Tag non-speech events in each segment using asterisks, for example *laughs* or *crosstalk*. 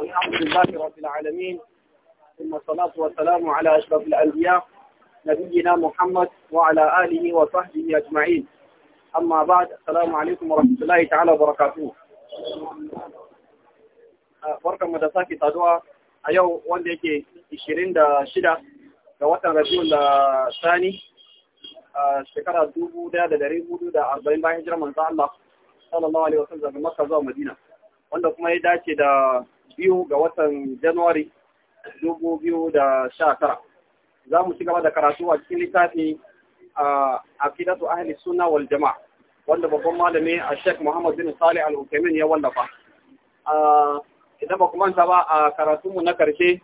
الحمد لله رب العالمين ثم الصلاة والسلام على أشرف الأنبياء نبينا محمد وعلى آله وصحبه أجمعين أما بعد السلام عليكم ورحمة الله تعالى وبركاته barkan mu da sake saduwa a yau wanda yake 26 ga watan Rabiul Sani ah, a ah, shekara 1440 bayan hijirar manzo Allah sallallahu alaihi wasallam daga Makka zuwa Madina wanda kuma ya dace da biyu ga watan Januwari dubu biyu da sha tara. Za mu ci gaba da karatu a cikin littafi a akidatu ahli sunna wal jama'a wanda babban malami a Sheikh Muhammad bin Salih Al hukamin ya wallafa. Idan ba kuma manta ba a karatunmu na karshe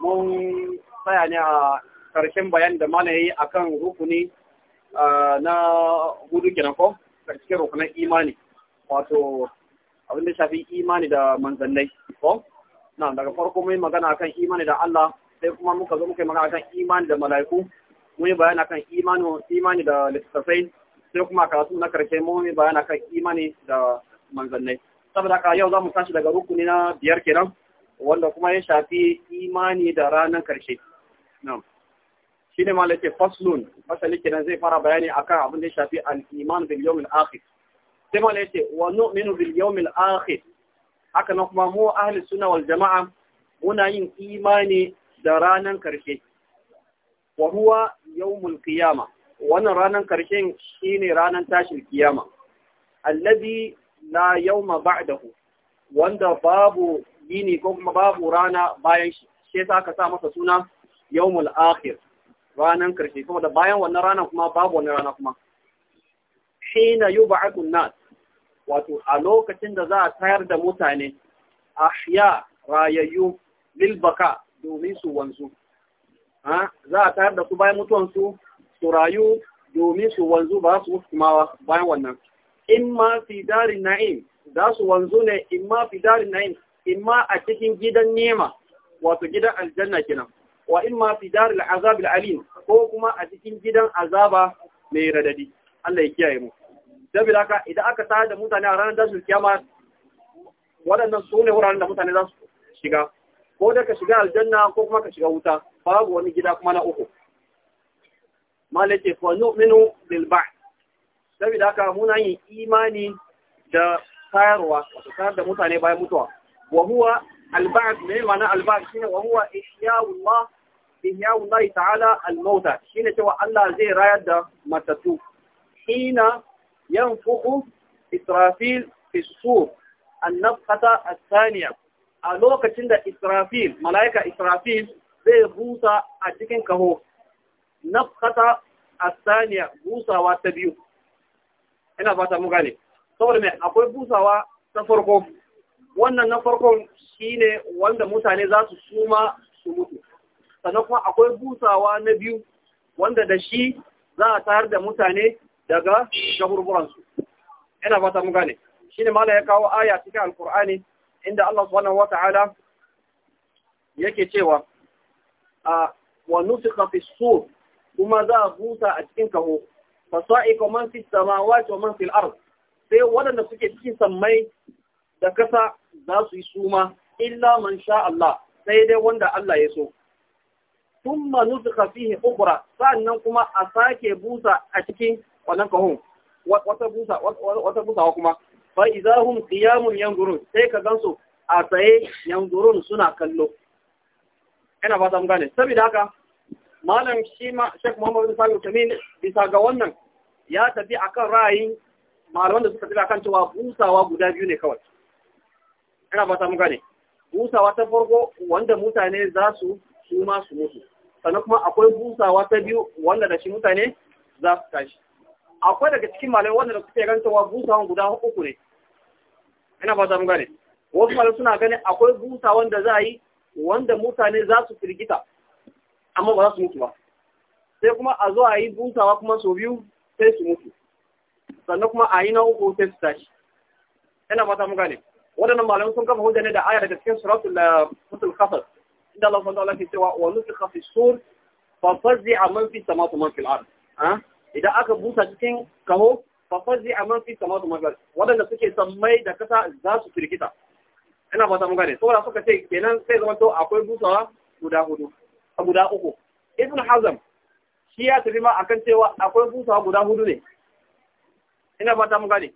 mun tsaya ne a karshen bayan da mana yi a kan rukuni na hudu kenan ko cikin rukunan imani wato abin da shafi imani da manzannai ko na daga farko mun magana akan imani da Allah sai kuma muka zo muka magana akan imani da mala'iku mun yi bayani akan imani imani da littafai sai kuma karatu na karshe mun yi bayani akan imani da manzannai saboda ka yau zamu tashi daga rukuni na biyar kenan wanda kuma ya shafi imani da ranan karshe na shine malaka faslun fasali kenan zai fara bayani akan abin da ya shafi al-iman bil al akhir sai mala yace wa nu'minu bil yawmil akhir haka nan kuma mu ahli sunna wal jama'a muna yin imani da ranan karshe wa huwa yawmul qiyama wannan ranan karshe shine ranan tashin kiyama alladhi la yawma ba'dahu wanda babu yini ko kuma babu rana bayan shi sai yasa sa masa suna yawmul akhir ranan karshe saboda bayan wannan ranan kuma babu wannan rana kuma hina yub'atun nas wato a lokacin da za a tayar da mutane a ya rayayyu lilbaka domin su wanzu za a tayar da su bayan mutuwansu su rayu domin su wanzu ba su mutu kuma bayan wannan in ma fi darin na'im za su wanzu ne in ma fi darin na'im in ma a cikin gidan nema wato gidan aljanna kenan wa in ma fi darin azab alim ko kuma a cikin gidan azaba mai radadi Allah ya kiyaye mu saboda haka idan aka tare da mutane a ranar tashin kiyama waɗannan su ne wuraren da mutane za su shiga ko da ka shiga aljanna ko kuma ka shiga wuta babu wani gida kuma na uku malake fa nu'minu bil ba'd saboda haka muna yin imani da tayarwa wato tayar da mutane bayan mutuwa wa huwa al ba'd ne ma'ana al ba'd shine wa huwa ihya'u Allah ihya'u Allah ta'ala al mauta shine cewa Allah zai rayar da matatu hina yanfuku Israfil fi sur annafata asaniya a lokacin da Israfil malaika Israfil zai busa a cikin kaho nafata asaniya busawa ta biyu ina fata mu gane saboda mai akwai busawa ta farko wannan na farkon shine wanda mutane za su suma su mutu sannan kuma akwai busawa na biyu wanda da shi za a tayar da mutane daga su, ina fata mu gane shine mala ya kawo aya cikin alqur'ani inda Allah subhanahu ta’ala yake cewa a wa nufiqa fi sur kuma za a busa a cikin kaho fa sa'iqa man fi samawati wa man fil sai waɗanda suke cikin sammai da kasa za su yi suma illa man sha Allah sai dai wanda Allah ya so thumma nufiqa fihi ukhra sannan kuma a sake busa a cikin wannan kahun, wata busa wata busawa kuma fa idahum qiyamun yanzurun sai ka gansu a tsaye yanzurun suna kallo ina fata mun gane saboda haka malam shi ma Sheikh Muhammad bin Tamin bisa ga wannan ya tafi akan ra'ayin malaman da suka tafi akan cewa busawa guda biyu ne kawai ina fata mun gane busawa ta farko wanda mutane za su su ma su mutu sannan kuma akwai busawa ta biyu wanda da shi mutane za su tashi akwai daga cikin malamai wanda da suke ganin cewa busawan guda uku ne ina fata mu gane wasu malamai suna ganin akwai busa wanda za a yi wanda mutane za su firgita amma ba za su mutu ba sai kuma a zo a yi busawa kuma sau biyu sai su mutu sannan kuma a yi na uku sai su tashi ina fata mu gane waɗannan malamai sun kafa hujja ne da aya daga cikin suratul fatul eh, kasas inda Allah sun wa ta'ala ke cewa wa nufikha fi sur fa a man fi samawati man fil ard ah? idan aka busa cikin kaho fafazi a man fi sama su magar waɗanda suke sammai da kasa za su firgita ina fata mun gane saboda suka ce kenan sai zama to akwai busawa guda hudu guda uku ibn hazam shi ya tafi ma akan cewa akwai busawa guda hudu ne ina fata mun gane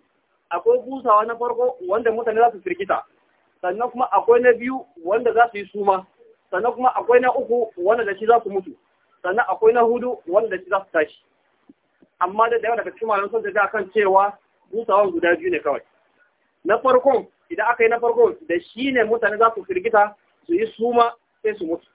akwai busawa na farko wanda mutane za su firgita sannan kuma akwai na biyu wanda za su yi suma sannan kuma akwai na uku wanda da shi za su mutu sannan akwai na hudu wanda da shi za su tashi amma da yawa daga cikin malaman sun tafi akan cewa busawar guda biyu ne kawai na farkon idan aka yi na farkon da shi ne mutane za su firgita su yi suma sai su mutu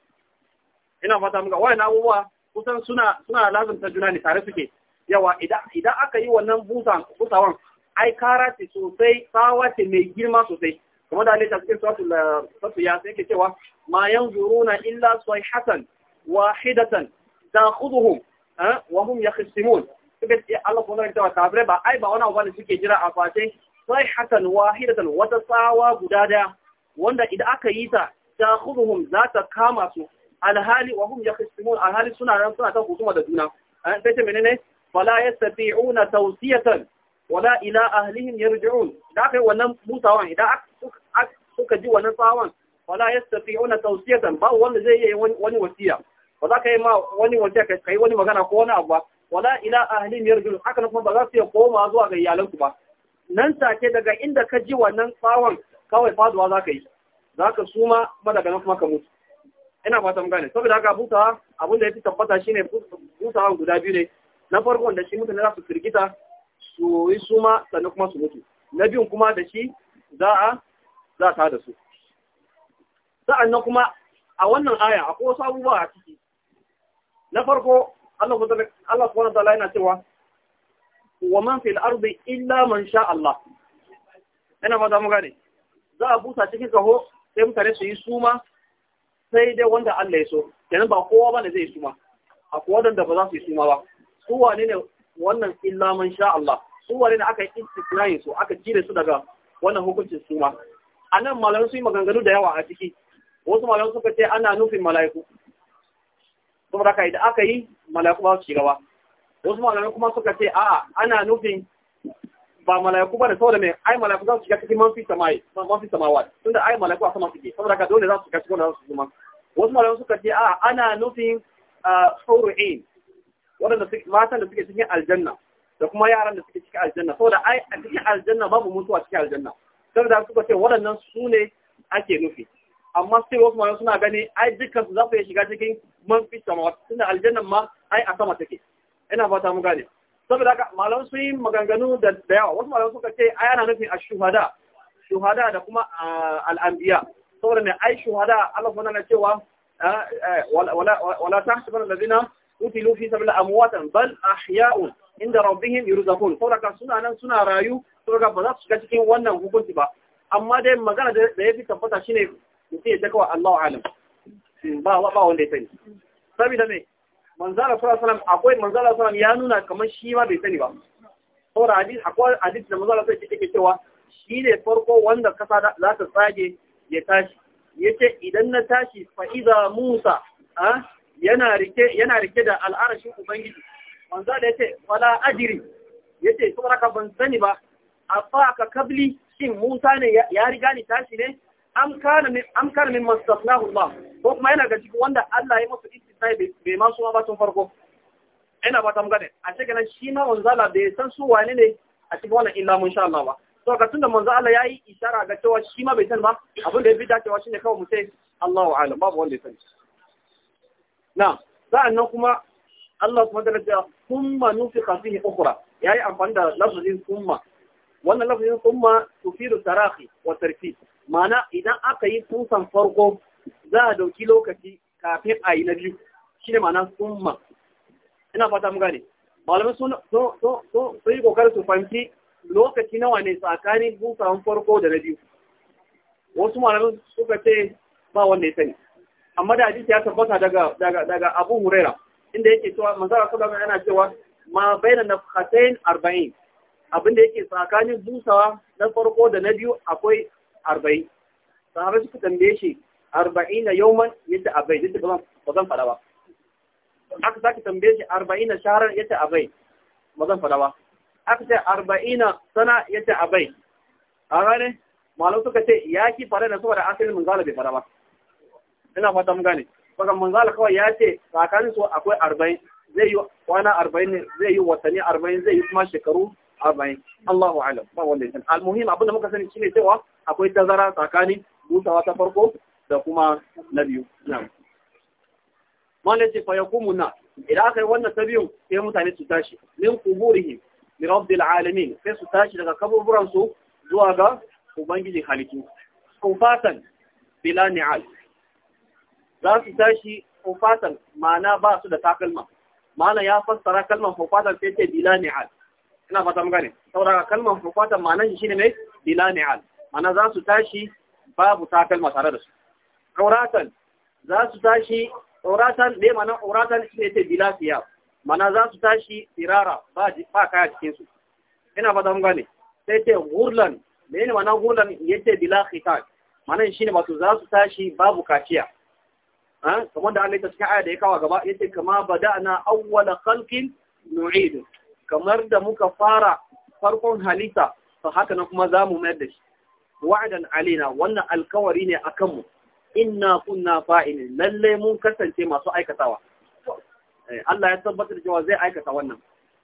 ina fata muka na abubuwa kusan suna suna lazumta juna ne tare suke yawa idan aka yi wannan busan busawan ai kara ce sosai tsawa ce mai girma sosai kuma da halitta cikin suwatu eh, sassu ya sai ke cewa ma yan na illa sai hasan wahidatan ta khuduhum eh, wa hum yakhsimun suka Allah kuma zai tawa kafirai ba ai ba wani abu ne suke jira a face sai hakan wahidatan wata tsawa guda daya wanda idan aka yi ta ta khuduhum za ta kama su alhali wa hum yakhsimun alhali suna nan suna ta husuma da juna an eh, sai ta menene fala yastati'una tawsiyatan wala ila ahlihim yarji'un da kai wannan mutawan idan aka suka ji wannan tsawon wala yastati'una tawsiyatan ba wanda zai yi wani wasiya ba za ka yi ma wani wasiya yi wani magana ko wani abu ba wala ila ahlin yarjun haka kuma ba za su iya koma zuwa ga iyalanku ba nan take daga inda ka ji wannan tsawon kawai faduwa za ka yi za ka suma madaga nan kuma ka mutu ina fatan gane saboda haka busawa abin da ya fi tabbata shine busawan guda biyu ne na farko wanda shi mutane za su firgita su yi suma sannan kuma su mutu na biyun kuma da shi za a za ta da su sa'annan kuma a wannan aya akwai wasu abubuwa a ciki na farko Allah subhanahu wa ta'ala yana cewa wa man fil ardi illa man sha Allah ina ba za mu gane za a busa cikin kaho sai mutane su yi suma sai dai wanda Allah ya so kenan ba kowa ba ne zai yi suma akwai wadanda ba za su yi suma ba su wane ne wannan illa man sha Allah su wane ne aka yi istisnayin su aka cire su daga wannan hukuncin suma anan malamai su yi maganganu da yawa a ciki wasu malamai suka ce ana nufin mala'iku saboda haka idan aka yi mala'iku ba su shiga ba wasu malamai kuma suka ce a'a ana nufin ba mala'iku ba da saboda mai ai mala'iku za su shiga cikin manfi samai manfi samawa tunda ai mala'iku a sama suke saboda ka dole za su shiga cikin su kuma wasu malamai suka ce a'a ana nufin sauru'in waɗanda matan da suke cikin aljanna da kuma yaran da suke cikin aljanna saboda ai a cikin aljanna babu mutuwa cikin aljanna saboda suka ce waɗannan su ne ake nufi amma sai wasu ma suna gani ai dukkan su za su shiga cikin man fi sama tunda aljannan ma ai a sama take ina fata mu gane saboda haka malamu sun yi maganganu da yawa wasu malamu suka ce ai ana nufin a shuhada da kuma al'anbiya saboda mai ai shuhada Allah kuma na cewa wala tahsabanna alladhina utilu fi sabila amwatan bal ahya'un inda rabbihim yurzaqun saboda suna nan suna rayu saboda ba za su shiga cikin wannan hukunci ba amma dai magana da yafi tabbata shine mutum ya ta kawai Allah alam ba ba wanda ya sani saboda me manzala sallallahu alaihi akwai manzala sallallahu ya nuna kamar shi ma bai sani ba saboda hadisi akwai hadisi da manzala sallallahu alaihi yake cewa shi ne farko wanda kasa za ta tsage ya tashi yace idan na tashi fa iza Musa yana rike yana rike da al'arashin ubangiji manzala yace wala ajri yace saboda ka ban sani ba afa ka kabli shin Musa ne ya riga ni tashi ne An kana min am kana min mastasnahu Allah ko kuma yana ga cikin wanda Allah ya masa istisna bai ma su ba tun farko ina ba ta mugane a cikin nan shi ma manzo Allah bai san su wane ne a cikin wannan illa mun sha Allah ba to ka tunda manzo Allah yayi isharar ga cewa shi ma bai san ba abin da ya fi dacewa shine kawai mu sai Allahu a'lam babu wanda ya sani na sa'annan kuma Allah kuma da ta kuma nufika fihi ukhra yayi amfani da lafzin kuma wannan lafzin kuma tufidu tarahi wa tarkib Mana idan aka yi tusan farko za a dauki lokaci kafin a yi na biyu, shi ne mana summa. Ina fata mu gane, malamai sun yi kokarin su fahimci lokaci nawa ne tsakanin tusan farko da na biyu. Wasu malamai suka ce ba wanda ya sani. Amma da hadisi ya tabbata daga Abu Hurera, inda yake cewa manzara sallallahu yana cewa ma bayyana nafhatain arba'in abinda yake tsakanin busawa na farko da na biyu akwai arba'in sahabai suka tambaye shi arba'in na yauman yadda abai duk da ba zan fada ba aka sake tambaye shi arba'in na shaharar yadda abai ba zan fada ba aka ce arba'in na sana yadda abai a gane malam suka ce ya ki fara na saboda asalin manzala bai fara ba ina fata mun gane saboda manzala kawai ya ce tsakanin su akwai arba'in zai yi kwana arba'in zai yi watanni arba'in zai yi kuma shekaru arba'in Allahu alam ba wanda ya san almuhim abinda muka sani shine cewa akwai tazara tsakanin busawa ta farko da kuma na biyu na'am malaci fa yakumu na idan aka yi wannan ta biyu sai mutane su tashi min kuburihim min rabbil alamin sai su tashi daga kaburburan su zuwa ga ubangijin halittu kufatan bila ni'al za su tashi kufatan ma'ana ba su da takalma ma'ana ya fassara kalmar kufatan sai ce bila ni'al ina fata mun gane saboda kalmar hufata ma'anar shi shine mai bila ni'al ma'ana za su tashi babu kalma tare da su auratan za su tashi auratan ne mana auratan shine ce bila siya ma'ana za su tashi sirara ba ba kaya cikin su ina fata mun gane sai ce hurlan ne ne ma'ana hurlan yace bila khitan ma'ana shine wato za su tashi babu kaciya kamar da Allah ya cikin aya da ya kawo gaba yace kama bada'na awwala khalqin nu'idu kamar da muka fara farkon halitta to haka na kuma za mu mayar da shi wa'adan alaina wannan alkawari ne akan mu inna kunna fa'ilin lalle mun kasance masu aikatawa eh, Allah ya tabbatar cewa zai aikata wannan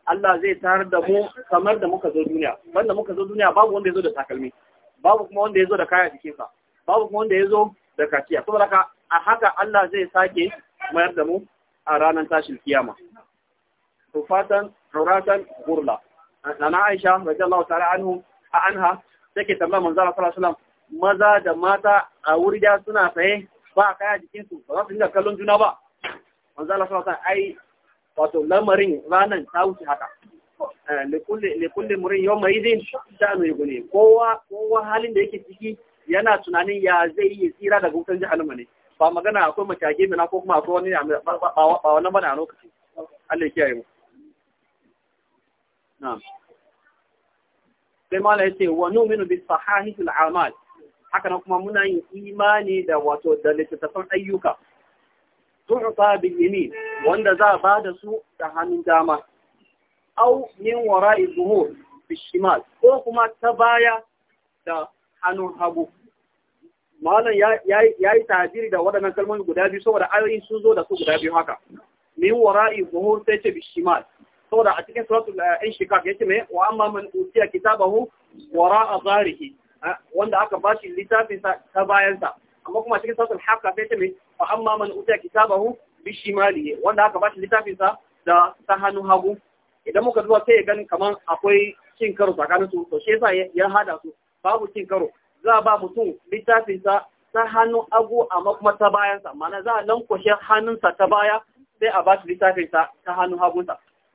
Allah zai tarar da mu kamar da muka zo duniya banda muka zo duniya babu wanda ya zo da takalmi babu kuma wanda ya zo da kaya jikinsa babu kuma wanda ya zo da kaciya saboda haka a haka Allah zai sake mayar da mu a ranar tashin kiyama to fatan uratan gurla nana Aisha radiyallahu ta'ala anhu a anha take tambaya manzo Allah sallallahu alaihi wasallam maza da mata a wuri da suna tsaye ba kaya jikin su ba za su dinga kallon juna ba manzo Allah sallallahu alaihi wasallam ai wato lamarin ranan ta wuce haka eh, le kulle murin yau mai zai sha'anu ya gune kowa kowa halin da yake ciki yana tunanin ya zai yi tsira daga wutan jahannama ne ba magana akwai matage mina ko kuma akwai wani ba wannan bana a lokaci Allah ya kiyaye mu na'am sai mala yace wa nu'minu bis sahahih al a'mal haka nan kuma muna yin imani da wato da littattafan ayyuka tu'ta bil yamin wanda za ba da su da hannun dama au min wara'i zuhur bil shimal ko kuma ta baya da hannun hagu malam ya yi tajiri da waɗannan kalmomi guda biyu saboda ayoyin sun zo da su guda biyu haka min wara'i zuhur sai ce bishimal saboda a cikin suratul eh, inshikak yace me wa amma man utiya kitabahu Wara zarihi ah, wanda aka bashi littafin sa ta bayan sa amma kuma cikin suratul haqqa yace me wa amma man utiya kitabahu bishimalihi wanda aka bashi littafin sa da ta hannu hagu idan muka zuwa sai ya gani kaman akwai cin karo tsakanin su to shi yasa ya hada su babu cin karo za a ba mutum littafin sa ta hannun hagu amma kuma ta bayan sa ma'ana za a lankwashe hannunsa ta baya sai a ba shi littafin sa ta hannun hagunsa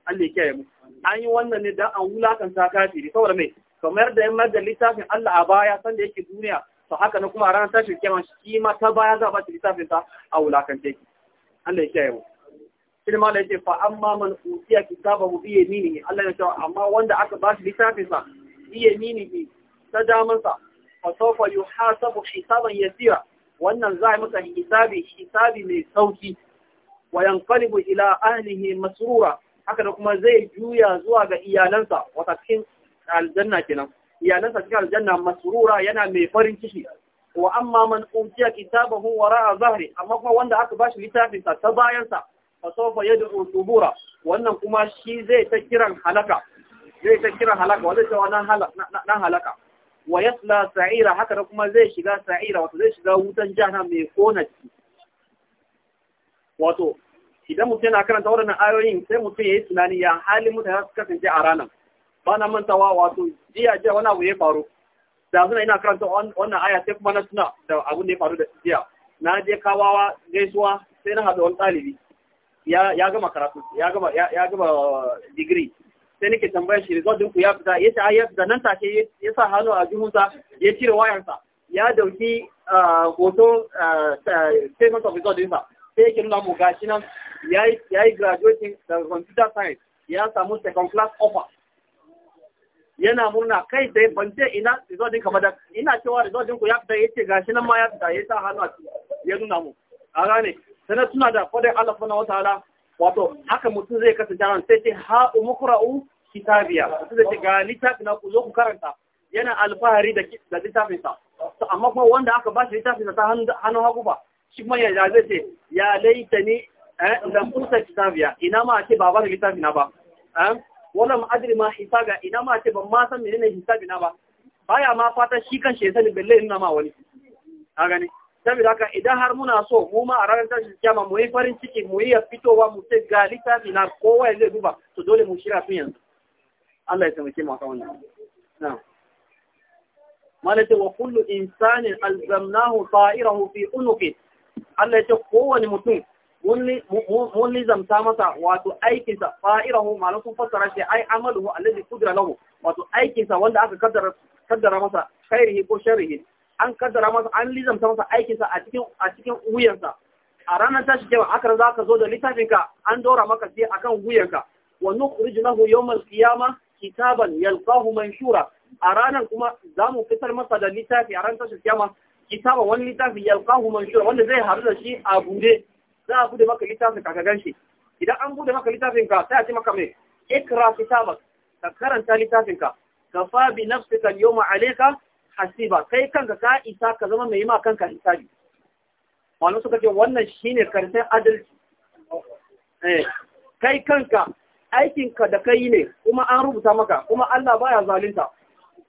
Allah ya kiyaye mu an yi wannan ne dan an wulakanta kafiri saboda me kamar da yan da littafin Allah a baya san da yake duniya to haka na kuma a ranar tashin kiyama shi ma ta baya za a bata littafin ta a wulakance ki Allah ya kiyaye mu shi ma da yake fa amma man mu kitabahu nini ne Allah ya ce amma wanda aka ba shi littafin sa nini ne ta daman sa fa sawfa yuhasabu hisaban yasira wannan za a yi masa hisabi hisabi mai sauki wa yanqalibu ila ahlihi masrura haka da kuma zai juya zuwa ga iyalansa wata cikin aljanna kenan iyalansa cikin aljanna masrura yana mai farin ciki wa amma man utiya kitabahu wara'a zahri amma kuma wanda aka bashi littafin sa ta bayan sa fa sawfa yad'u subura wannan kuma shi zai ta kiran halaka zai ta kiran halaka wanda cewa nan nan halaka wa yasla sa'ira haka da kuma zai shiga sa'ira wato zai shiga wutan jahannam mai kona ciki wato idan mutum yana karanta waɗannan ayoyin sai mutum ya yi tunani ya halin mutane su kasance a ranar ba na mantawa wato jiya jiya wani abu ya faru da suna ina karanta wannan aya sai kuma na suna da abin da ya faru da jiya na je kawawa gaisuwa sai na haɗa wani ɗalibi ya gama karatu ya gama digiri sai nake tambaya shi result ɗinku ya fita ya ce ah, ya fita nan take ya sa hannu a jihunsa ya cire wayarsa ya dauki ah, hoton ah, statement of result ɗinsa sai yake nuna mu gashi nan ya yi graduating daga computer science ya samu second class offer yana murna kai sai ban ce ina result kamar da ina cewa result ku ya fita yace gashi nan ma ya fita ya sa hannu ya nuna mu a gane sanar tuna da fadar Allah subhanahu wataala wato haka mutum zai kasance ran sai ce ha umukra'u kitabiya mutum zai ce ga littafin ku zo ku karanta yana alfahari da da littafin sa to amma kuma wanda aka ba shi littafin sa ta hannu hagu ba shi kuma ya zai ce ya laitani idan eh, kunsa kitabiya ina ma ce ba ba da littafi eh, na ba wala ma adri ma hisaga ina ma ce ban ma san menene hisabi na ba baya ma fata shi kan shi sani balle ina ma wani a gani saboda haka idan har muna so mu ma a ranar tashin kiyama mu yi farin ciki mu yi ya fitowa mu ce ga littafi na kowa ya zai duba to dole mu shira tun yanzu Allah ya taimake mu akan wannan na'am wa kullu insanin alzamnahu ta'irahu fi unuqi Allah ya ce kowane mutum mun lizamta masa wato aikinsa fa'irahu malam sun fassara shi ai amaluhu allazi qudira lahu wato aikinsa wanda aka kaddara kaddara masa khairihi ko sharrihi an kaddara masa an lizamta masa aikinsa a cikin wuyansa a ranar tashi kewa aka za ka zo da littafinka an dora maka sai kan wuyanka wa nukhrijunahu yawmal qiyamah kitaban yalqahu manshura a ranar kuma za mu fitar masa da littafi a ranar tashi kiyama kitaban wani littafi yalqahu manshura wanda zai haru da shi a bude za a bude maka littafin ka gan shi idan an bude maka littafin ka sai a ce maka mai ikra kitabak ka karanta littafin ka fa bi nafsika yawma alayka hasiba kai kanka ka isa ka zama mai ma kanka hisabi wannan suka ce wannan shine karshen adalci eh, kai kanka aikin ka da kai ne kuma an rubuta maka kuma Allah baya zalunta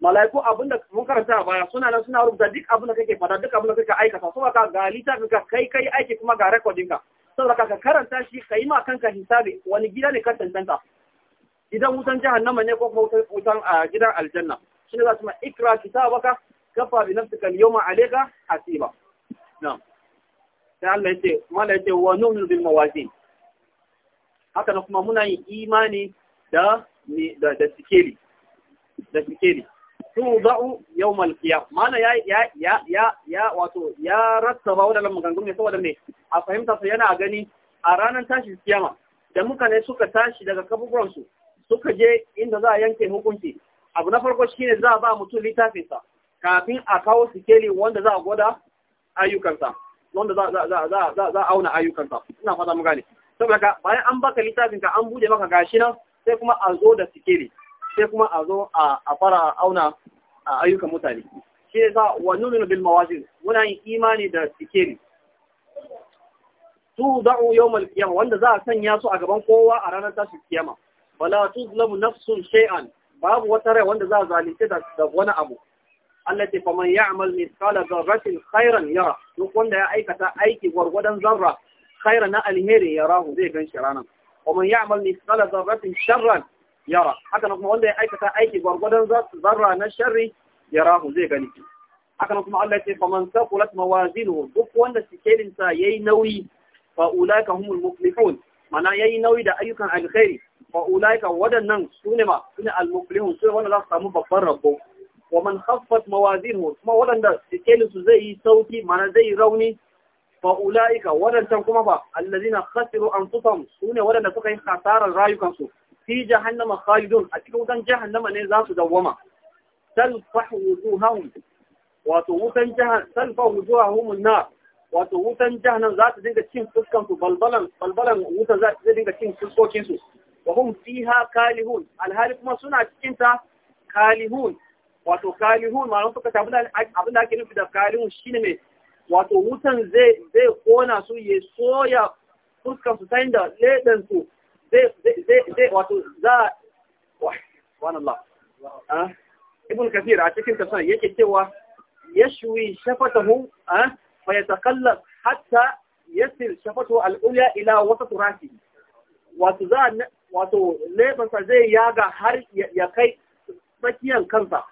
mala'iku abin da mun karanta a baya suna nan suna rubuta duk abin da kake fada duk abin da kake aikata so ka ga ta ka kai kai aiki kuma ga rekodin ka saboda ka karanta shi ka yi ma kanka hisabi wani gida ne ka tantanta idan wutan jahannama ne ko kuma wutan a gidan aljanna shi ne za su ma ikra kitabaka kafa bi nafsika al-yawma alayka hasiba na'am sai Allah yace mala yace wa nu'minu bil mawazin haka kuma muna yin imani da da da sikeli da sikeli tuḍa'u yau al-qiyam mana ya ya ya ya wato ya rattaba wadannan ne saboda me a fahimta su yana gani a ranar tashi kiyama da muka ne suka tashi daga kaburburan su suka je inda za a yanke hukunci abu na farko shine za a ba mutum littafinsa kafin a kawo sikeli wanda za a gwada ayyukansa wanda za za auna ayyukansa ina fata mu gane saboda bayan an baka littafinka an bude maka gashi nan sai kuma a zo da sikeli sai kuma a zo a fara auna a ayyukan mutane shi sa wa nuna bil mawazin muna yin imani da sikeri. su da'u yau malkiyama wanda za a sanya su a gaban kowa a ranar tashi kiyama wala tuzlamu nafsun shay'an babu wata rai wanda za a zalunce da wani abu Allah ce faman ya'mal mithqala dharratin khairan yara duk wanda ya aikata aiki gwargwadon zarra khairan na alheri yarahu zai gan shi ranan ومن يعمل مثقال rashin sharran yara haka kuma wanda ya aikata aiki gwargwadon zarra na sharri yarahu zai gani haka kuma Allah ya ce faman saqulat mawazinu. duk wanda sikelin sa yayi nauyi fa ulaika humul muflihun mana yayi nauyi da ayyukan alkhairi fa ulaika wadannan sune ma sune al muflihun sune wanda za su samu babban rabo wa man khaffat mawazinu, kuma wadanda sikelin su zai yi sauki mana zai rauni fa ulaika wadannan kuma fa allazina khasiru anfusahum sune wadanda suka yi hasarar rayukansu fi jahannama khalidun a cikin wutan jahannama ne za su dawwama talfahu wujuhahum wato wutan jahan talfahu wujuhahum nar wato wutan jahannam za ta dinga cin fuskan su balbalan balbalan wutan za ta dinga cin fuskokin su wa hum fiha kalihun alhali kuma suna cikin ta kalihun wato kalihun ma suka tafi abin da ake nufi da kalihun shine mai wato wutan zai zai kona su ya soya fuskan su ta inda ledan su Ah, ibn kafir a cikin tafsir yake cewa yashwi shafatahu ah, fa yatakallaf hatta yasil shafatu al-ulya ila wasat rasi wato za wato lebansa zai yaga har ya kai tsakiyar kansa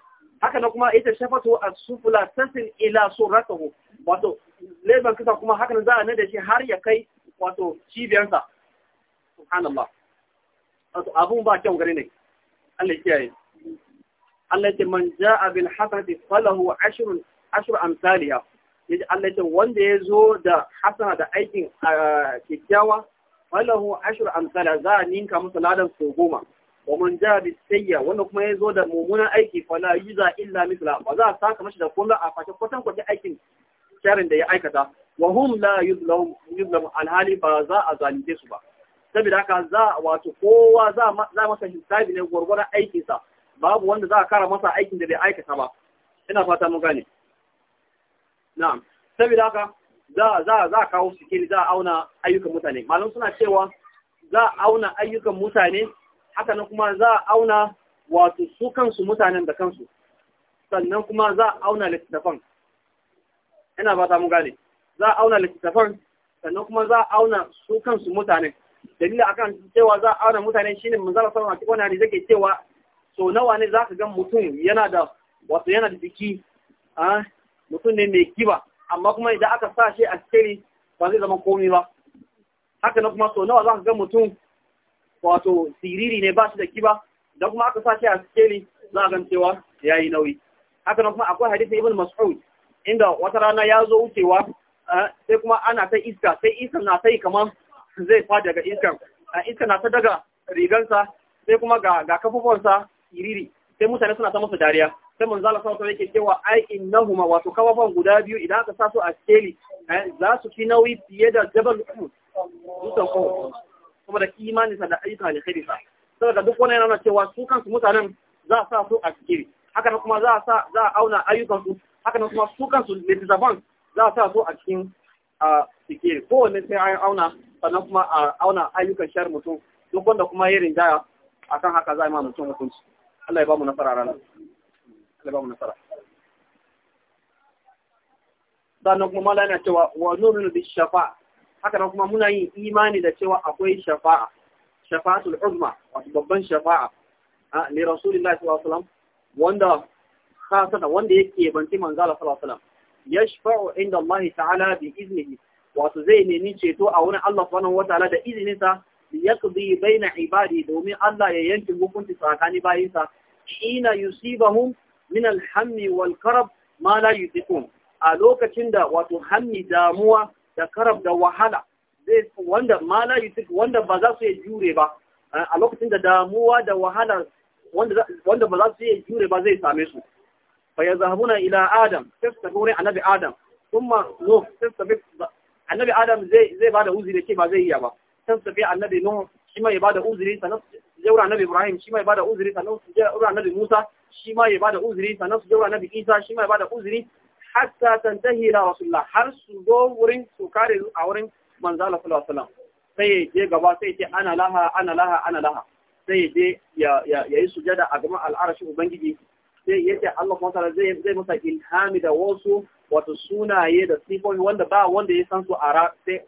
haka na kuma ita shafatu as-sufla tasil ila suratahu wato leban kasa kuma haka za a nade shi har ya kai wato cibiyarsa subhanallah abun ba kyau gare ne Allah kiyaye Allah ce man ja'a bil hasanati falahu ashrun ashru amsalha yaji Allah ce wanda ya zo da hasana da aikin kikkiawa falahu ashru amsalha za a ninka masa ladan su goma wa man ja'a bis sayya wanda kuma ya zo da mummunan aiki fala yuza illa mithla ba za a saka mashi da kullum a fata kwatan kwatan aikin sharin da ya aikata wa hum la yuzlamu alhali ba za a zalunce su ba saboda haka za wato kowa za masa hisabi ne gwargwaron aikinsa babu wanda za a kara masa aikin da bai aikata ba ina fata mun gane na'am saboda haka za za za kawo sikeli za a auna ayyukan mutane malum suna cewa za a auna ayyukan mutane haka nan kuma za a auna wato su kansu mutanen da kansu sannan kuma za a auna littattafan ina fata mun gane za a auna littattafan sannan kuma za a auna su kansu mutanen dalilin akan cewa za a auna mutane shine manzala sallallahu alaihi wasallam zake cewa so nawa ne zaka ga mutum yana da wato yana da jiki a mutum ne mai kiba amma kuma idan aka sa shi a cikin ba zai zama komai ba haka na kuma so nawa zaka ga mutum wato siriri ne ba shi da kiba da kuma aka sa shi a cikin za a gan cewa ya yi nauyi haka na kuma akwai hadisi ibn mas'ud inda wata rana ya zo wucewa sai kuma ana ta iska sai iska na sai kamar zai fadi daga iskan a iska na ta daga rigansa sai kuma ga ga kafofinsa iriri sai mutane suna ta masa dariya sai mun zala sallallahu yake cewa ai innahuma wato kafafan guda biyu idan aka sa su a skeli eh, za su fi nauyi fiye da jabal Uhud hmm, dutsen Uhud kuma da imani sa da ayyuka alkhairi sa ga duk wani yana cewa su kansu mutanen za a sa su a skeli haka kuma za a sa za a auna ayyukan su haka kuma su kansu littafan za a sa su a cikin a sike kowanne sai an auna sannan kuma a auna ayyukan shar mutum duk wanda kuma ya rinjaya kan haka za a yi ma mutum hukunci Allah ya ba mu nasara ranar Allah ya ba mu nasara sannan kuma mala yana cewa wa nurun da shafa haka nan kuma muna yin imani da cewa akwai shafa'a shafa'atul uzma wato babban shafa'a ne rasulullahi sallallahu alaihi wasallam wanda khasata wanda yake banci manzo sallallahu alaihi wasallam yashfa'u inda Allah ta'ala bi iznihi wato zai nemi ceto a wani Allah subhanahu ala da izininsa yaqdi baina ibadi domin Allah ya yanke hukunci tsakani bayinsa ina yusibahum min alhammi wal karab ma la yutiqun a lokacin da wato hammi damuwa da karab da wahala zai wanda ma la yutiq wanda ba za su yi jure ba a lokacin da damuwa da wahala wanda ba za su yi jure ba zai same su fa yazhabuna ila adam sai su tafi wurin annabi adam kuma no sai su tafi annabi adam zai zai bada uzuri ce ba zai iya ba sai su tafi annabi no shi ma ya bada uzuri sannan su je wurin annabi ibrahim shi ma ya bada uzuri sannan su je wurin annabi musa shi ma ya bada uzuri sannan su je wurin annabi isa shi ma ya bada uzuri hatta tantahi ila rasulullah har su zo wurin su kare a wurin manzo Allah sallallahu alaihi wasallam sai ya je gaba sai ce ana laha ana laha ana laha sai ya je ya yi sujada a gaban al'arashi ubangiji zai yake Allah kuma ta'ala zai zai masa ilhami da wasu wato sunaye da sifofi wanda ba wanda ya san su a sai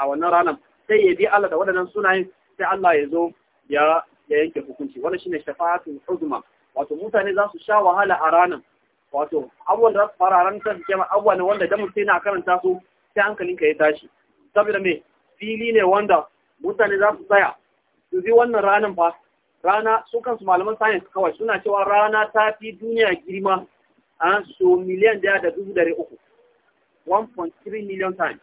a wannan ranar sai ya bi Allah da waɗannan sunayen sai Allah ya zo ya yanke hukunci wannan shine shafa'atul uzma wato mutane za su sha wahala a ranar wato abubuwan da za su fara a ranar ne wanda idan sai na karanta su sai hankalinka ya tashi saboda me fili ne wanda mutane za su tsaya su ji wannan ranar fa rana su kansu malaman science kawai suna cewa rana ta fi duniya girma an so miliyan daya da dubu dare uku 1.3 million times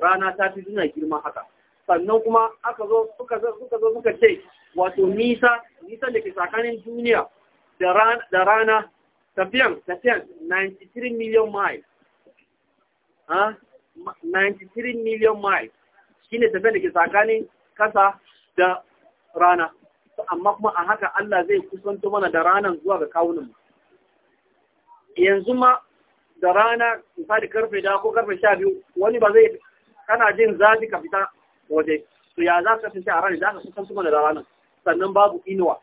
rana ta fi duniya girma haka sannan kuma aka zo suka zo suka zo suka ce wato nisa nisa da ke tsakanin duniya da rana tafiyan tafiyan 93 million miles ha 93 million miles shine tafiyan da ke tsakanin kasa da rana amma kuma a haka Allah zai kusanto mana da ranar zuwa ga kawunan yanzu ma da rana misali karfe da ko karfe sha biyu wani ba zai kana jin zafi ka fita waje to ya za ka fita a ranar za ka kusanto mana da ranar sannan babu inuwa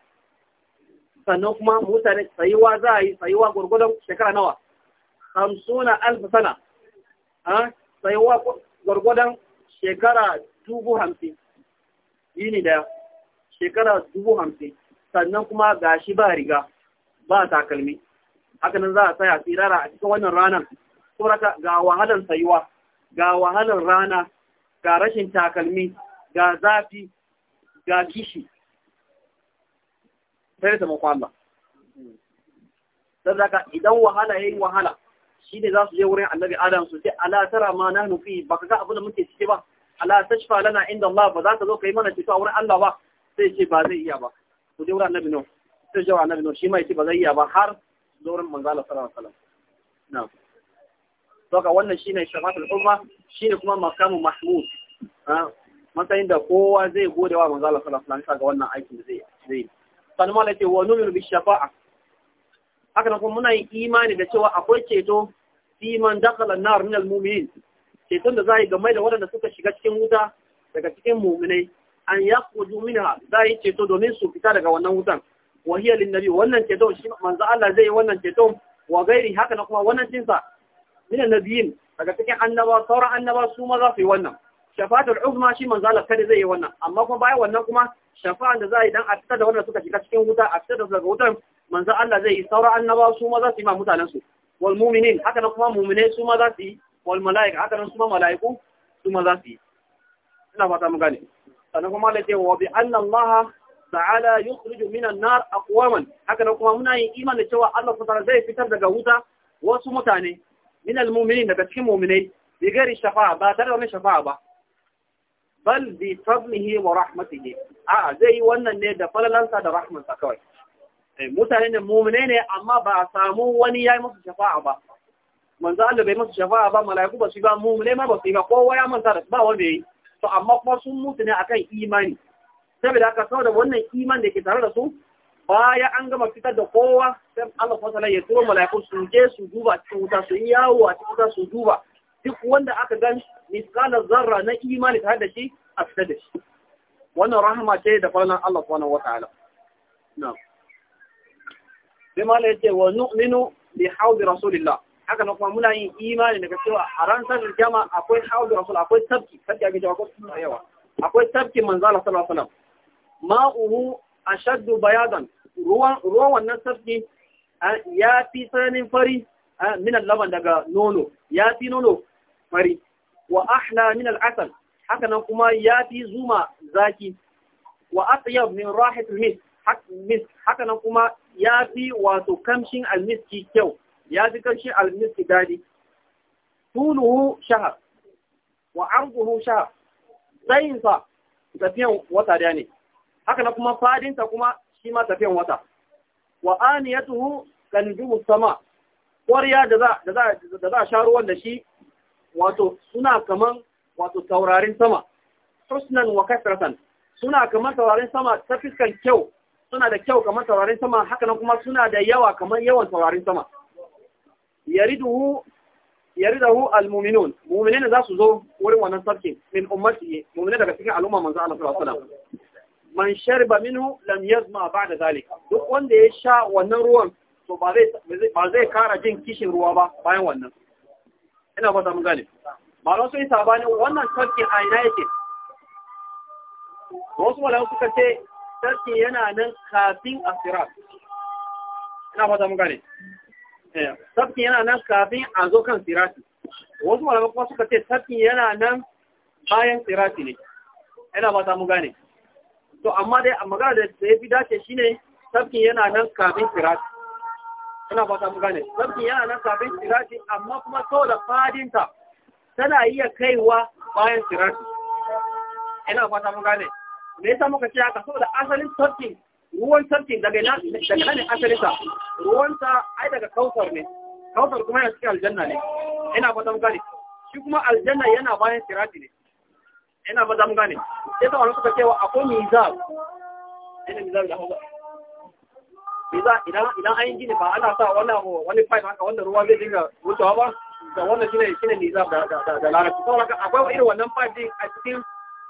sannan kuma mutane tsayuwa za a yi tsayuwa gwargwadon shekara nawa hamsuna alfa sana tsayuwa gwargwadon shekara dubu hamsin yini daya shekara dubu hamsin sannan kuma ga shi ba riga ba takalmi hakanan za a tsaya tsirara a cikin wannan ranar sauraka ga wahalar sayuwa ga wahalar rana ga rashin takalmi ga zafi ga kishi sai da makwamba saboda idan wahala yayin wahala shi ne za su je wurin annabi adam su ce ala tara ma nahnu fi baka ga abin da muke ciki ba ala tashfa lana inda Allah ba za ka zo kai mana ciki a wurin Allah ba sai ce ba zai iya ba ku je wurin annabi no sai jawa annabi no shi ma ce ba zai iya ba har zaurin manzo Allah sallallahu alaihi wasallam na'am to ka wannan shine shafa'atul umma shine kuma makamu mahmud ha matsayin da kowa zai gode wa manzo Allah sallallahu alaihi wasallam ga wannan aikin da zai zai sannan malai ce wa nuru bi shafa'a haka nan kuma muna yin imani da cewa akwai ceto iman man dakhala nar min al-mu'minin ceton da zai game da waɗanda suka shiga cikin wuta daga cikin mu'minai an ya yakhruju minha za yi ceto domin su fita daga wannan wutan wa hiya wannan ceto shi manzo Allah zai yi wannan ceto wa gairi haka na kuma wannan cinsa min nabiyin daga cikin annaba sauran annaba su ma za su yi wannan shafa'atul uzma shi manzo Allah kada zai yi wannan amma kuma bayan wannan kuma shafa'an da za a yi dan a fita da wannan suka shiga cikin wuta a fita da su daga wutan manzo Allah zai yi sauran annaba su ma za su yi ma mutanen su wal mu'minin haka na kuma mu'minai su ma za su yi wal mala'ika haka nan su ma mala'iku su ma za su yi ina fata mu gane sannan kuma Allah ce wa bi Allah ta'ala yukhriju minan nar aqwaman haka kuma muna yin imani cewa Allah subhanahu zai fitar daga wuta wasu mutane min almu'minin daga cikin mu'minai bi gari shafa'a ba tare da wani shafa'a ba bal bi fadlihi wa rahmatihi a zai yi wannan ne da falalansa da rahmansa kawai eh, mutane ne mu'minai ne amma ba a samu wani yayi musu shafa'a ba manzo Allah bai musu shafa'a ba mala'iku ba su ba mu'minai ma ba su ba kowa ya manta da ba wanda yayi to amma kuma sun mutu ne akan imani saboda haka saboda wannan iman da ke tare da su baya an gama fitar da kowa sai Allah subhanahu wataala ya turo mala'iku su je su duba cikin wuta su yi yawo a cikin wuta su duba duk wanda aka gan misqala zarra na imani tare da shi a fitar da shi wannan rahama ce da falalan Allah subhanahu wataala na'am sai malai ce wa nu'minu bi hawdi rasulillah haka na kuma muna yin imani daga cewa a ran sanar jama akwai haudu rasul akwai tabki tabki abin jawa ko yawa akwai tabki manzo Allah sallallahu alaihi wasallam ma'uhu ashaddu bayadan ruwan ruwan wannan tabki ya fi sanin fari min al-laban daga nono ya fi nono fari wa ahla min al-asal haka nan kuma ya fi zuma zaki wa atyab min rahitil mis? haka nan kuma ya fi wato kamshin miski kyau ya fi karshe almiski dadi Tunuhu shahar wa arduhu shahar tsayinsa tafiyan wata da ne haka na kuma fadinsa kuma shi ma tafiyan wata wa aniyatuhu kanjuhu sama ƙwariya da za da za sha ruwan da shi wato suna kaman wato taurarin sama husnan wa kasratan suna kaman taurarin sama ta fiskan kyau suna da kyau kaman taurarin sama haka na kuma suna da yawa kaman yawan taurarin sama yariduhu yaridahu almu'minun mu'minina za su zo wurin wannan sarki min ummati mu'mina daga cikin al'umma manzo Allah sallallahu alaihi wasallam man shariba minhu lam yazma ba'da zalik duk wanda ya sha wannan ruwan to ba zai kara jin kishin ruwa ba bayan wannan ina fata mun gane malon sai sabani wannan sarki a ina yake wasu malamu suka ce sarki yana nan kafin asirat ina fata mun sabki eh, yana nan kafin a zo kan sirati wasu malamai kuma suka ce sabki yana nan bayan sirati ne yana ba samu gane to amma dai a magana da ya fi dace shine sabki yana nan kafin sirati yana ba samu gane sabki yana nan kafin sirati amma kuma so da fadinta tana iya kaiwa bayan sirati yana ba samu gane me yasa muka ce haka saboda asalin tafkin ruwan sarki daga nan daga nan asalin sa ruwan sa ai daga kautar ne kautar kuma yana cikin aljanna ne ina ba zan gane shi kuma aljanna yana bayan sirati ne ina ba zan gane sai ta wani suka cewa akwai mizab ina mizab da hawa mizab idan idan an yi gini ba ana sa wannan wani pipe haka wannan ruwa zai dinga wucewa ba da wannan shine shine mizab da da da larabci saboda akwai irin wannan pipe din a cikin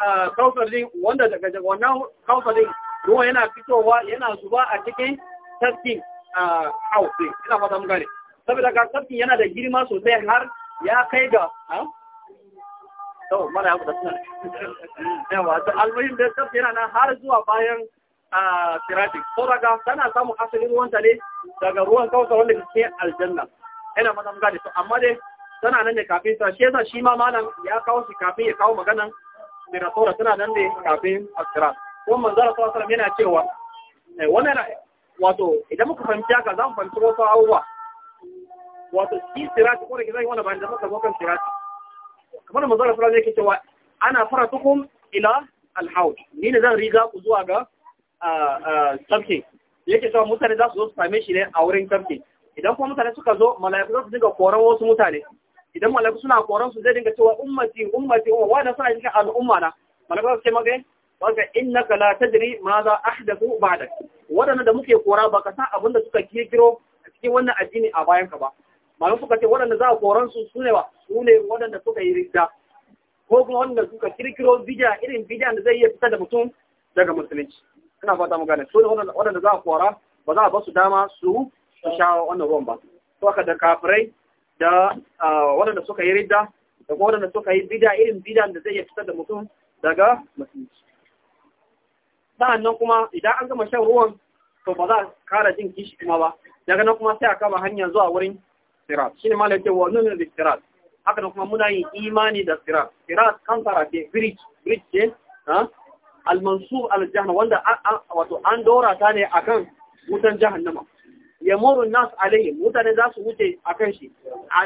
ah, kautar din wanda daga wannan kautar din kuma yana fitowa yana zuba a cikin tafkin a hausa ina fata mun gane saboda ga tafkin yana da girma sosai har ya kai ga to mana ya kuɗa suna yawa to almuhim da tafkin yana nan har zuwa bayan a sirati to daga tana samun asalin ruwan ta ne daga ruwan kawsa wanda ke aljanna ina fata mun to amma dai tana nan ne kafin sa. shi yasa shi ma malam ya kawo shi kafin ya kawo maganan siratora tana nan ne kafin asirat don manzara ta wasu yana cewa wannan wato idan muka fahimci haka za mu fahimci wasu abubuwa wato shi sirati ko da zai wani bayan da muka zo kan sirati kamar manzara ta wasu yake cewa ana fara tukun ila alhaut ni ne zan riga ku zuwa ga tsarki yake cewa mutane za su zo su same shi ne a wurin tsarki idan kuma mutane suka zo mala'iku za su dinga koran wasu mutane idan mala'iku suna koran su zai dinga cewa ummati ummati wa na suna cikin al'umma na mala'iku za su ce maka Waka innaka la tadri ma za ahdathu ba'dak. Waɗanda da muke kora baka san abin da suka kirkiro a cikin wannan addini a bayan ka ba. Malam suka ce waɗanda za a koran su sune ba sune waɗanda suka yi ridda. Ko kuma waɗanda suka kirkiro bidiya irin bidiya da zai iya fitar da mutum daga musulunci. Ina fata mu gane. Sune waɗanda za a kora ba za a basu dama su su sha wannan ruwan ba. haka da kafirai da waɗanda suka yi ridda da kuma waɗanda suka yi bida irin bidan da zai iya fitar da mutum daga musulunci. sa'annan kuma idan an gama shan ruwan to ba za a kara jin kishi kuma ba daga nan kuma sai a kama hanya zuwa wurin sirat shine malam ce wa da sirat haka nan kuma muna yin imani da sirat sirat kan farafe bridge bridge ce almansu aljahanna wanda wato an dora ta ne akan wutan jahannama ya moru nas alayhi mutane za su wuce akan shi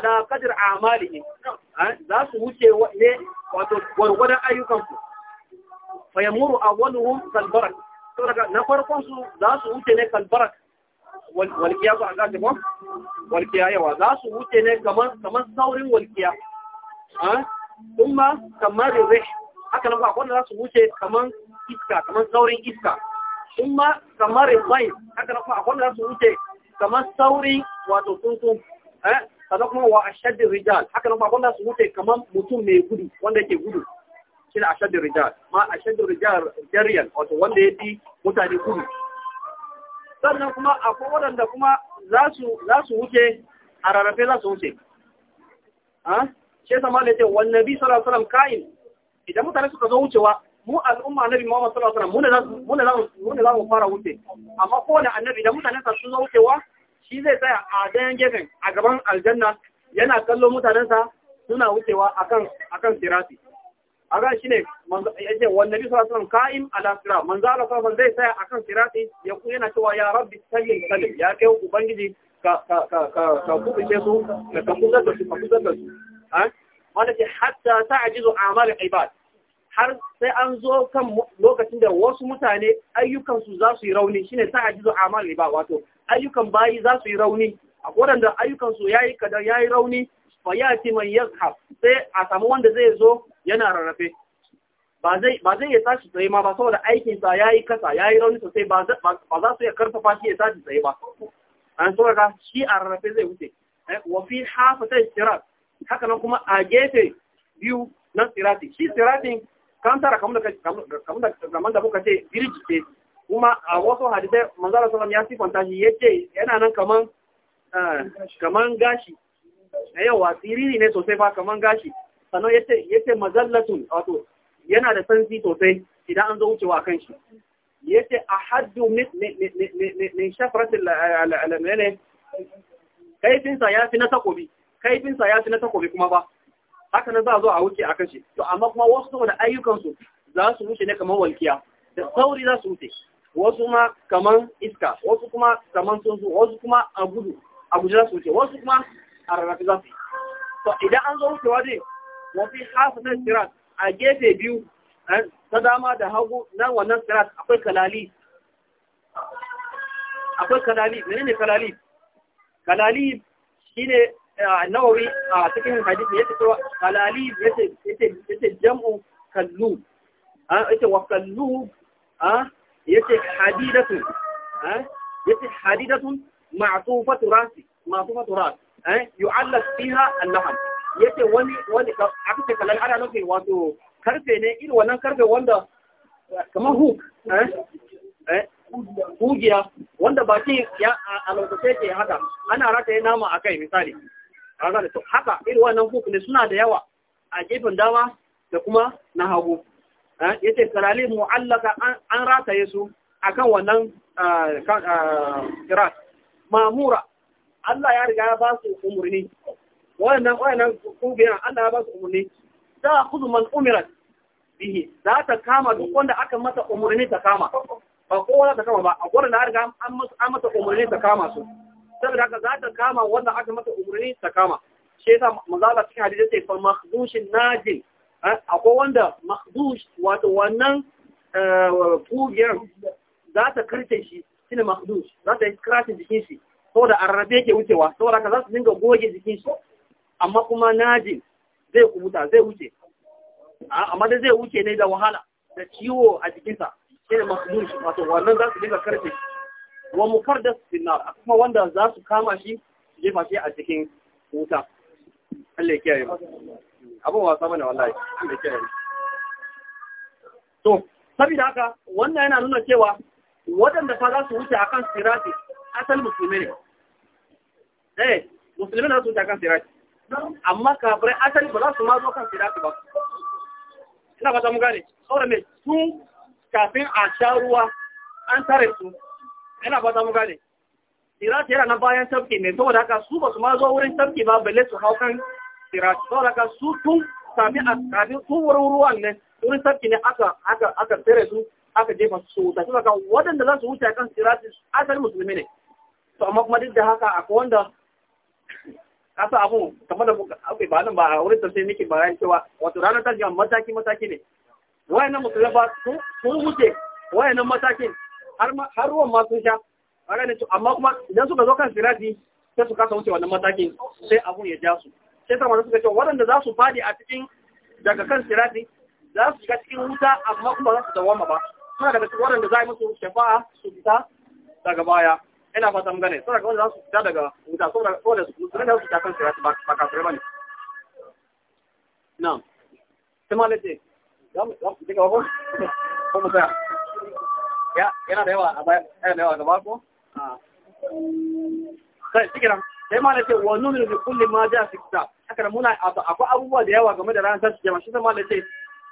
da qadr a'malihim za su wuce ne wato gwargwadon ayyukan fa yamuru awwaluhum kalbarak to daga na farkon su za su wuce ne kalbarak walkiya su a ta ko walkiya yawa za su wuce ne kamar saurin walkiya kuma kamar rih haka nan akwai za su wuce kamar iska kamar saurin iska kuma kamar rifai haka nan akwai za su wuce kamar saurin wato tuntun sannan kuma wa ashaddi rijal haka nan akwai za su wuce kamar mutum mai gudu wanda yake gudu ila ne ashaddu rijal ma ashaddu rijal jariyan wato wanda ya fi mutane kudu sannan kuma akwai waɗanda kuma za su wuce a rarrafe za su wuce shi yasa ma da ce wani nabi sallallahu alaihi wasallam kain idan mutane suka zo wucewa mu al'umma nabi Muhammad sallallahu alaihi wasallam mu ne za mu ne za mu fara wuce amma kowane annabi idan mutane sa sun zo wucewa shi zai tsaya a dayan gefen a gaban aljanna yana kallon mutanensa suna wucewa akan akan sirati aga shi ne yake wanda bisa sallam ka'im ala sirat manzo Allah sallallahu zai tsaya akan sirati ya ku yana cewa ya rabbi sallim sallim ya kai ubangiji ka ka ka ka su ka kubutar da su ka kubutar da su ha wanda ke hatta ta'jizu a'mal ibad har sai an zo kan lokacin da wasu mutane ayyukansu za su yi rauni shine ta'jizu a'mal ibad wato ayyukan bayi za su yi rauni a waɗanda ayyukansu yayi yi yayi rauni fa man yazhab sai a samu wanda zai zo yana rarrafe ba zai ba zai ya tashi tsaye ma ba saboda aikin sa yayi kasa yayi rauni sosai ba za su ya karfafa shi ya tashi tsaye ba an so ka shi a rarrafe zai wuce eh, wa fi sai sirat haka nan kuma a gefe biyu na sirati shi siratin kan tara kamar da kamar da muka ce birji ce kuma a wasu hadisai manzara sallam ya sifanta shi yace yana nan kaman eh, kaman gashi na yawa siriri ne sosai ba kamar gashi sannan ya ce mazallatun wato yana da sansi sosai idan an zo wucewa kan shi ya ce a haddu min shafaratin eh, al'alamene kaifinsa ya fi na takobi kaifinsa ya fi na takobi kuma ba haka na za a zo a wuce a kan shi to amma kuma wasu saboda ayyukansu za su wuce ne kamar walkiya da sauri za su wuce wasu ma kamar iska wasu kuma kamar tsuntsu wasu kuma a gudu a guje za su wuce wasu kuma هو الرافضاتي فإذا أنظروا في هذه وفي حافة السراط أجيب بيو صدامة دهوه نان ونان سراط أقول كلالي أقول كلالي منين كلالي كلالي شيني النووي تكيه الحديث يتكروا كلالي يتي جمع كاللوب يتي وكاللوب يتي حديدة يتي حديدة معطوفة راسي معطوفة راسي Eh, yu'allaq fiha annaham yace wani wani aka ce kalal ana nufin wato karfe ne irin wannan karfe wanda eh, kamar hook kugiya eh, wanda baki ya a lokace ke haka ana rataye nama a kai misali haka irin wannan hook ne suna da yawa a gefen dama da kuma na hagu yace kalali mu'allaka an rataye su akan wannan kirat mamura Allah ya riga ya ba su umurni wannan wannan kungiyan Allah ya ba su umurni za a kuzu man umirat bihi za ta kama duk wanda aka mata umurni ta kama ba kowa za ta kama ba a gwada na riga an mata umurni ta kama su saboda haka za ta kama wanda aka mata umurni ta kama shi yasa mazala cikin hadisi sai fa makhdushin a eh, akwai wanda makhdush wato wannan eh, kungiyar za ta karce shi shine makhdush za ta yi krashin jikin shi saboda rarrabe yake wucewa saboda ka za su dinga goge jikin shi amma kuma naji zai kubuta zai wuce amma da zai wuce ne da wahala da ciwo a jikinsa shine mahmud shi wato wannan za su dinga karfe wa mu su mufardas a kuma wanda za su kama shi jefa shi a cikin wuta Allah ya kiyaye abin wasa bane wallahi kiyaye to saboda haka wannan yana nuna cewa waɗanda fa za su wuce akan sirati asal musulmi ne eh musulmi na su ta kan sirati amma kafirai asali ba za su ma zo kan sirati ba ina bata mu gane saboda me su kafin a an tare su ina bata mu gane sirati yana na bayan tafki ne haka su ba su ma zo wurin tafki su hau kan sirati saboda haka su tun kafin a tun ruwan ne wurin aka aka aka aka za su kan ne to amma kuma duk haka akwai kasa abu kamar da abu ba nan ba a wurin tafsir nake bayani cewa wato ranar tarjuma mataki mataki ne Wayan nan musulun ba sun wuce wayan nan matakin har har ruwan ma sun sha amma kuma idan suka zo kan sirati sai su kasa wuce wannan matakin sai abu ya ja su sai sama suka ce waɗanda za su fadi a cikin daga kan sirati za su shiga cikin wuta amma kuma za su dawama ba suna daga cikin waɗanda za a yi musu shafa'a su fita daga baya ina fata mun gane saboda wanda za su fita daga wuta saboda su da su ta kansu ba bane na'am kuma da ce za mu diga ko *laughs* ko mu tsaya ya yana da yawa a baya yana da yawa gaba ko sai tikira sai ma da ce wa numru bi ma ja fi kitab haka da muna akwai abubuwa da yawa game da ranar tashi jama'a shi zama da ce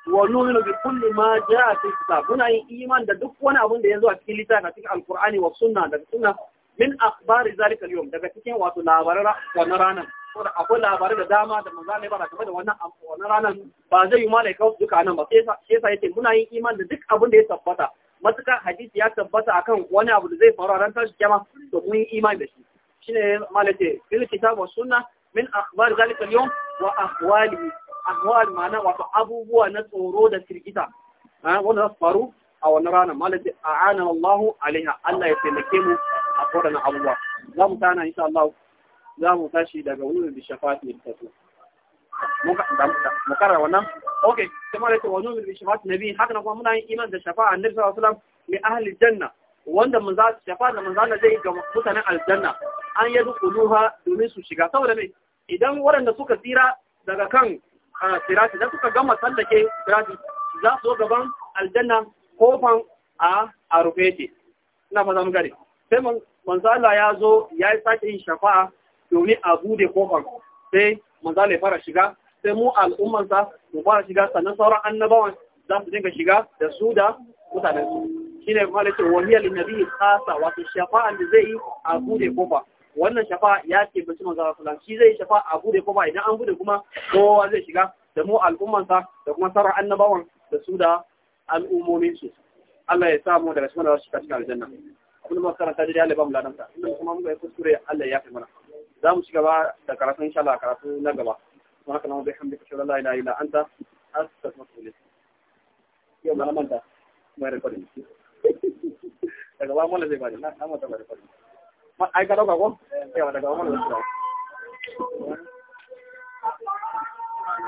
wa numru bi kulli ma ja fi kitab muna yin iman da duk wani abun da ya zo a cikin littafi a cikin alqur'ani wa sunna daga sunna min akhbari zalika al-yawm daga cikin wato labaran wannan ranan saboda akwai labarai da dama da manzo ne bara game da wannan wannan ranan ba zai yi malai kawo duka nan ba sai sai yace muna yin imani da duk abin da ya tabbata matuka hadisi ya tabbata akan wani abu da zai faru a ranar kiyama to mun yi imani da shi shine malai ce fil kitab wa sunna min akhbar zalika al-yawm wa ahwali ahwal ma'ana wato abubuwa na tsoro da firgita wanda za su faru a wannan ranar malai ce a'ana Allahu! alaiha Allah ya taimake mu a kowane abubuwa za mu tana insha Allah za mu tashi daga wurin da shafati ta so mu kara wannan ok sai mara ta wani wurin da shafati nabi haka na kuma muna yin iman da shafa annabi sallallahu alaihi wasallam mai ahli janna wanda mun za shafa da mun zana zai ga mutanen aljanna an yi dukuluha domin su shiga saboda mai idan waɗanda suka tsira daga kan sirati da suka gama tsallake sirati za su zo gaban aljanna kofan a a rufe ce ina fata mun gare sai manzala ya zo ya yi sake yin shafa'a domin a bude kofar sai manzala ya fara shiga sai mu al'ummansa mu fara shiga sannan sauran annabawan za su dinga shiga da su da mutanen su ne kuma da wahiyar nabi khasa wato shafa'a da zai yi a bude kofa wannan shafa'a ya ce bace manzala Allah shi zai shafa'a a bude kofa idan an bude kuma kowa zai shiga da mu al'ummansa da kuma sauran annabawan da su da al'ummomin su Allah ya samu daga cikin da su shiga cikin aljanna abin da karanta da ya ba mu ladanta inda kuma mun ga kuskure Allah ya kai mana za mu shiga da karatu insha Allah karatu na gaba kuma kana bai hamdi ka shalla ila ila anta astaghfiruka wa yau na manta mai rekodin daga ba mun zai bari na amma ta recording ma ai ka dauka ko ya daga mun zai bari